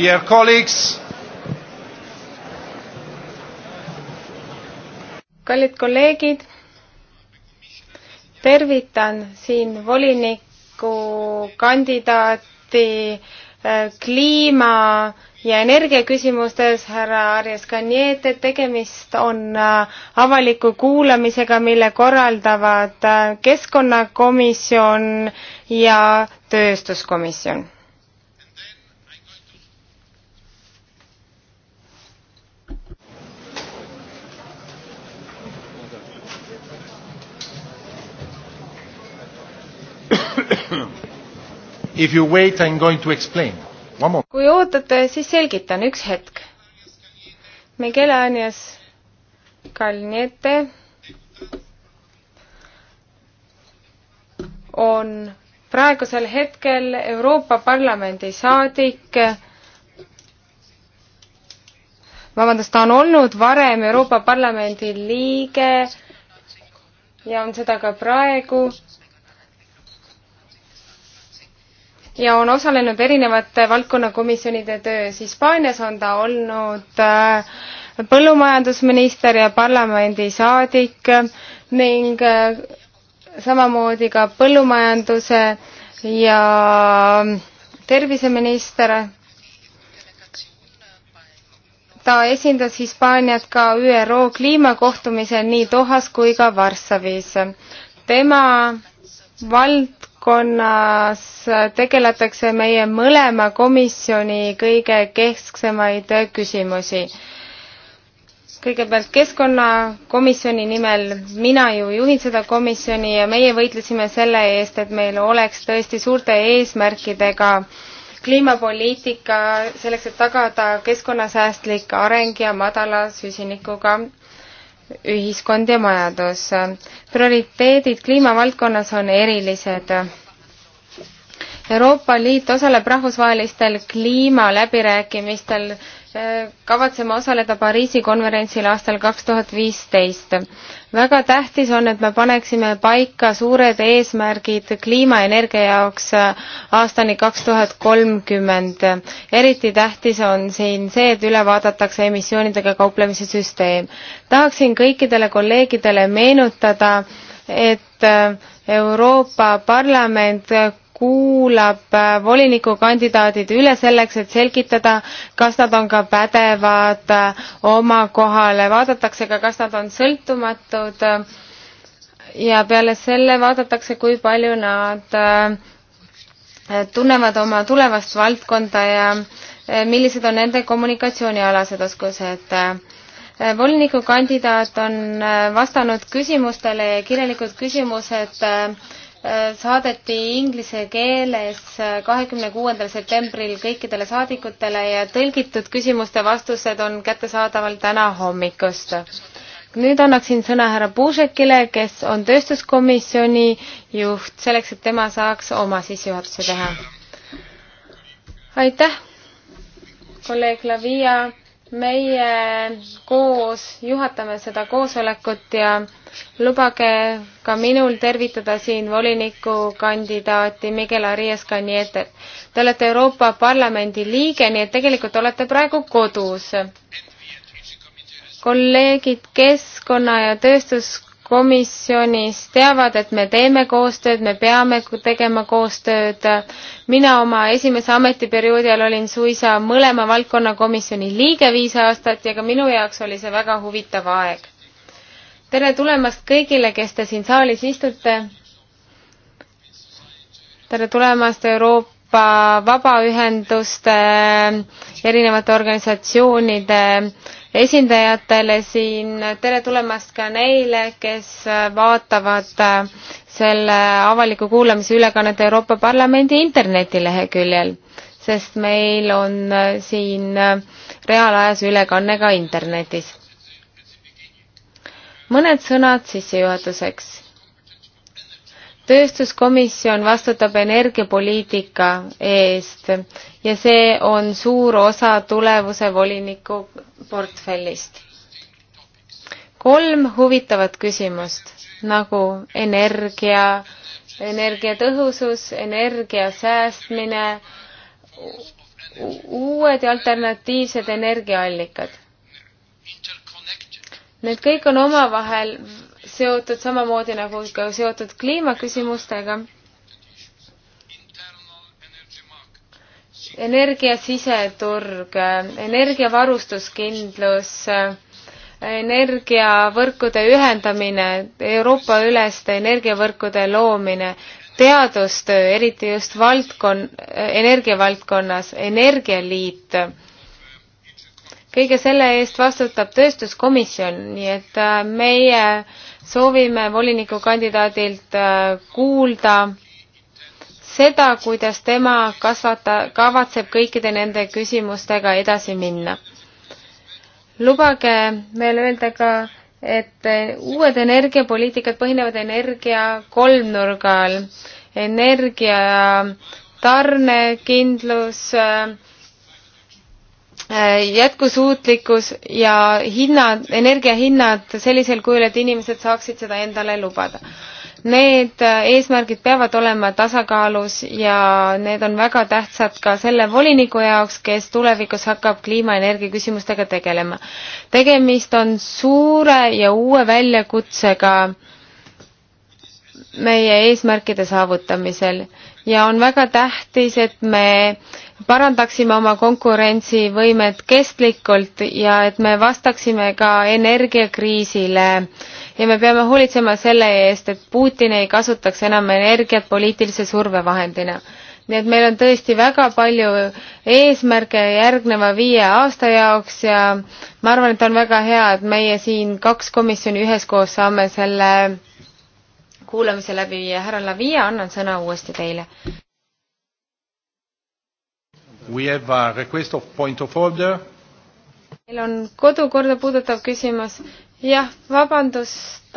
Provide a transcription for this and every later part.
Dear colleagues. kallid kolleegid, tervitan siin volinikukandidaati äh, kliima ja energiaküsimustes härra Arias Kanjete, tegemist on äh, avaliku kuulamisega, mille korraldavad äh, Keskkonnakomisjon ja Tööstuskomisjon If you wait, I am going to explain. kui ootate, siis selgitan, üks hetk. Miguel Anias Kalniete on praegusel hetkel Euroopa Parlamendi saadik. vabandust, ta on olnud varem Euroopa Parlamendi liige ja on seda ka praegu ja on osalenud erinevate valdkonnakomisjonide töös. Hispaanias on ta olnud äh, põllumajandusminister ja parlamendisaadik ning äh, samamoodi ka põllumajanduse ja terviseminister. ta esindas Hispaaniat ka ÜRO kliimakohtumisel nii Dohas kui ka Varssavis. tema vald valdkonnas tegeletakse meie mõlema komisjoni kõige kesksemaid küsimusi. kõigepealt Keskkonnakomisjoni nimel, mina ju juhin seda komisjoni ja meie võitlesime selle eest, et meil oleks tõesti suurte eesmärkidega kliimapoliitika selleks, et tagada keskkonnasäästlik areng ja madala süsinikuga ühiskond ja majandus. prioriteedid kliimavaldkonnas on erilised Euroopa Liit osaleb rahvusvahelistel kliimaläbirääkimistel, eh, kavatseme osaleda Pariisi konverentsil aastal kaks tuhat viisteist. väga tähtis on, et me paneksime paika suured eesmärgid kliimaenergia jaoks eh, aastani kaks tuhat kolmkümmend. eriti tähtis on siin see, et üle vaadatakse emissioonidega kauplemise süsteem. tahaksin kõikidele kolleegidele meenutada, et eh, Euroopa Parlament kuulab äh, volinikukandidaadid üle selleks, et selgitada, kas nad on ka pädevad äh, oma kohale, vaadatakse ka, kas nad on sõltumatud ja peale selle vaadatakse, kui palju nad äh, tunnevad oma tulevast valdkonda ja millised on nende kommunikatsioonialased oskused volinikukandidaat on vastanud küsimustele ja kirjalikud küsimused äh, Äh, saadeti inglise keeles äh, kahekümne kuuendal septembril kõikidele saadikutele ja tõlgitud küsimuste-vastused on kättesaadaval täna hommikust. nüüd annaksin sõna härra Puusekile, kes on tööstuskomisjoni juht, selleks et tema saaks oma sissejuhatuse teha. aitäh, kolleeg Lavia, meie koos juhatame seda koosolekut ja lubage ka minul tervitada siin volinikukandidaati Miguel Arias Canietet. Te olete Euroopa Parlamendi liige, nii et tegelikult olete praegu kodus. kolleegid Keskkonna ja Tööstuskomisjonis teavad, et me teeme koostööd, me peame tegema koostööd. mina oma esimese ametiperioodi ajal olin suisa mõlema valdkonna komisjoni liige viis aastat ja ka minu jaoks oli see väga huvitav aeg tere tulemast kõigile, kes te siin saalis istute. tere tulemast Euroopa Vabaühenduste, erinevate organisatsioonide esindajatele siin, tere tulemast ka neile, kes vaatavad selle avaliku kuulamise ülekannet Euroopa Parlamendi internetileheküljel, sest meil on siin reaalajas ülekanne ka internetis mõned sõnad sissejuhatuseks. tööstuskomisjon vastutab energiapoliitika eest ja see on suur osa tulevuse voliniku portfellist. kolm huvitavat küsimust nagu energia, energiatõhusus, energia säästmine, uued ja alternatiivsed energiaallikad Need kõik on omavahel seotud samamoodi nagu ka seotud kliimaküsimustega. energia siseturg, energiavarustuskindlus, energiavõrkude ühendamine, Euroopa-üleste energiavõrkude loomine, teadustöö, eriti just valdkond, energiavaldkonnas, energialiit kõige selle eest vastutab tööstuskomisjon, nii et äh, meie soovime volinikukandidaadilt äh, kuulda seda, kuidas tema kasvata, kavatseb kõikide nende küsimustega edasi minna. lubage veel öelda ka, et äh, uued energiapoliitikad põhinevad energia kolmnurgal, energia tarnekindlus äh,, Äh, jätkusuutlikkus ja hinnad, energiahinnad sellisel kujul, et inimesed saaksid seda endale lubada. Need äh, eesmärgid peavad olema tasakaalus ja need on väga tähtsad ka selle voliniku jaoks, kes tulevikus hakkab kliimaenergia küsimustega tegelema. tegemist on suure ja uue väljakutsega meie eesmärkide saavutamisel ja on väga tähtis, et me parandaksime oma konkurentsivõimet kestlikult ja et me vastaksime ka energiakriisile ja me peame hoolitsema selle eest, et Putin ei kasutaks enam energiat poliitilise survevahendina. nii et meil on tõesti väga palju eesmärke järgneva viie aasta jaoks ja ma arvan, et on väga hea, et meie siin kaks komisjoni üheskoos saame selle kuulamise läbi ja härra Lavia, annan sõna uuesti teile. We have a request of point of order. meil on kodukorda puudutav küsimus. jah, vabandust,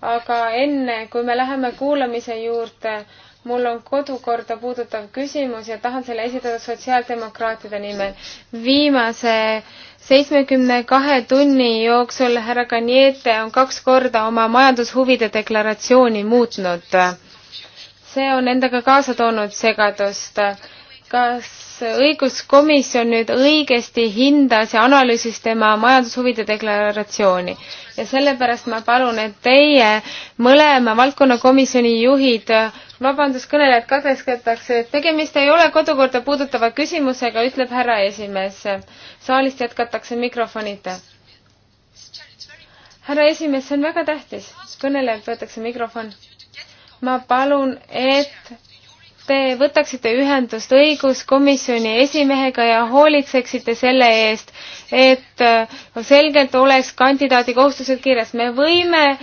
aga enne, kui me läheme kuulamise juurde, mul on kodukorda puudutav küsimus ja tahan selle esitada sotsiaaldemokraatide nimel. viimase seitsmekümne kahe tunni jooksul härra Kaniete on kaks korda oma majandushuvide deklaratsiooni muutnud. see on endaga kaasa toonud segadust. kas õiguskomisjon nüüd õigesti hindas ja analüüsis tema majandushuvide deklaratsiooni? ja sellepärast ma palun, et teie mõlema valdkonnakomisjoni juhid vabandust, kõnelejad katkestatakse. tegemist ei ole kodukorda puudutava küsimusega, ütleb härra esimees. saalist jätkatakse mikrofonita. härra esimees, see on väga tähtis. kõnelejalt võetakse mikrofon. ma palun, et te võtaksite ühendust õiguskomisjoni esimehega ja hoolitseksite selle eest, et selgelt oleks kandidaadi kohustused kirjas. me võime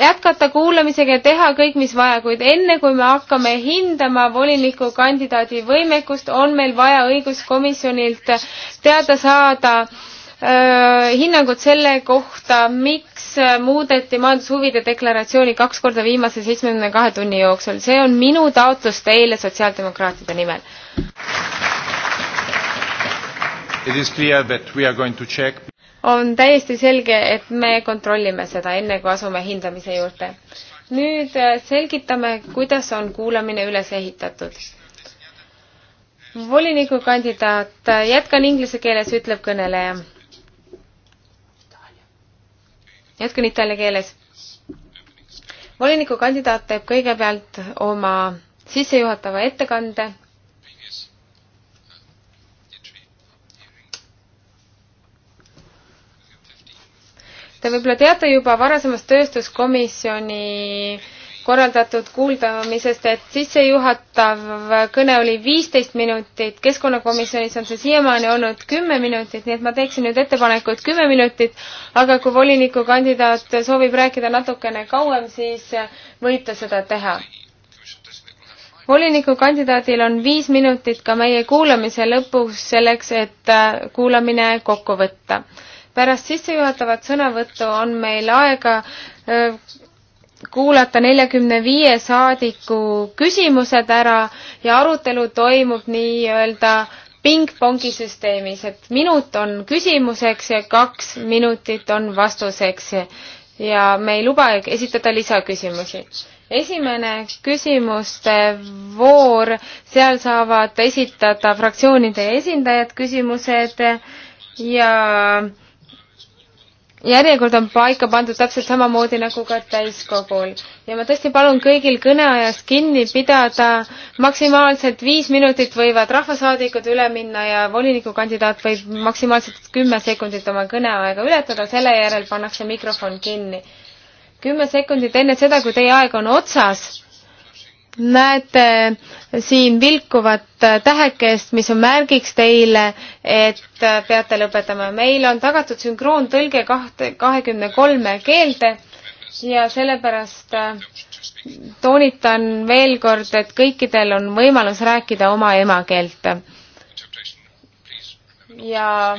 jätkata kuulamisega ja teha kõik, mis vaja, kuid enne kui me hakkame hindama volinikukandidaadi võimekust, on meil vaja õiguskomisjonilt teada saada öö, hinnangut selle kohta, miks muudeti majandushuvide deklaratsiooni kaks korda viimase seitsmekümne kahe tunni jooksul. see on minu taotlus teile sotsiaaldemokraatide nimel. It is clear that we are going to check on täiesti selge, et me kontrollime seda, enne kui asume hindamise juurde. nüüd äh, selgitame, kuidas on kuulamine üles ehitatud. volinikukandidaat, äh, jätkan inglise keeles, ütleb kõneleja. jätkan itaalia keeles. volinikukandidaat teeb kõigepealt oma sissejuhatava ettekande Te võib-olla teate juba varasemast tööstuskomisjoni korraldatud kuuldamisest, et sissejuhatav kõne oli viisteist minutit, keskkonnakomisjonis on see siiamaani olnud kümme minutit, nii et ma teeksin nüüd ettepaneku, et kümme minutit, aga kui volinikukandidaat soovib rääkida natukene kauem, siis võib ta seda teha. volinikukandidaadil on viis minutit ka meie kuulamise lõpus selleks, et kuulamine kokku võtta pärast sissejuhatavat sõnavõttu on meil aega äh, kuulata neljakümne viie saadiku küsimused ära ja arutelu toimub nii-öelda pingpongi süsteemis, et minut on küsimuseks ja kaks minutit on vastuseks ja me ei luba esitada lisaküsimusi. esimene küsimuste voor, seal saavad esitada fraktsioonide esindajad küsimused ja äh, järjekord on paika pandud täpselt samamoodi nagu ka täiskogul ja ma tõesti palun kõigil kõneajast kinni pidada. maksimaalselt viis minutit võivad rahvasaadikud üle minna ja volinikukandidaat võib maksimaalselt kümme sekundit oma kõneaega ületada, selle järel pannakse mikrofon kinni. kümme sekundit enne seda, kui teie aeg on otsas, näete siin vilkuvat tähekest, mis on märgiks teile, et peate lõpetama. meil on tagatud sünkroontõlge kahte, kahekümne kolme keelde ja sellepärast äh, toonitan veel kord, et kõikidel on võimalus rääkida oma emakeelt. ja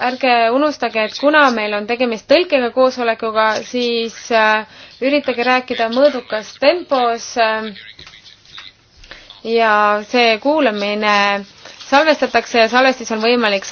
ärge unustage, et kuna meil on tegemist tõlkega koosolekuga, siis äh, üritage rääkida mõõdukas tempos ähm, ja see kuulamine salvestatakse ja salvestis on võimalik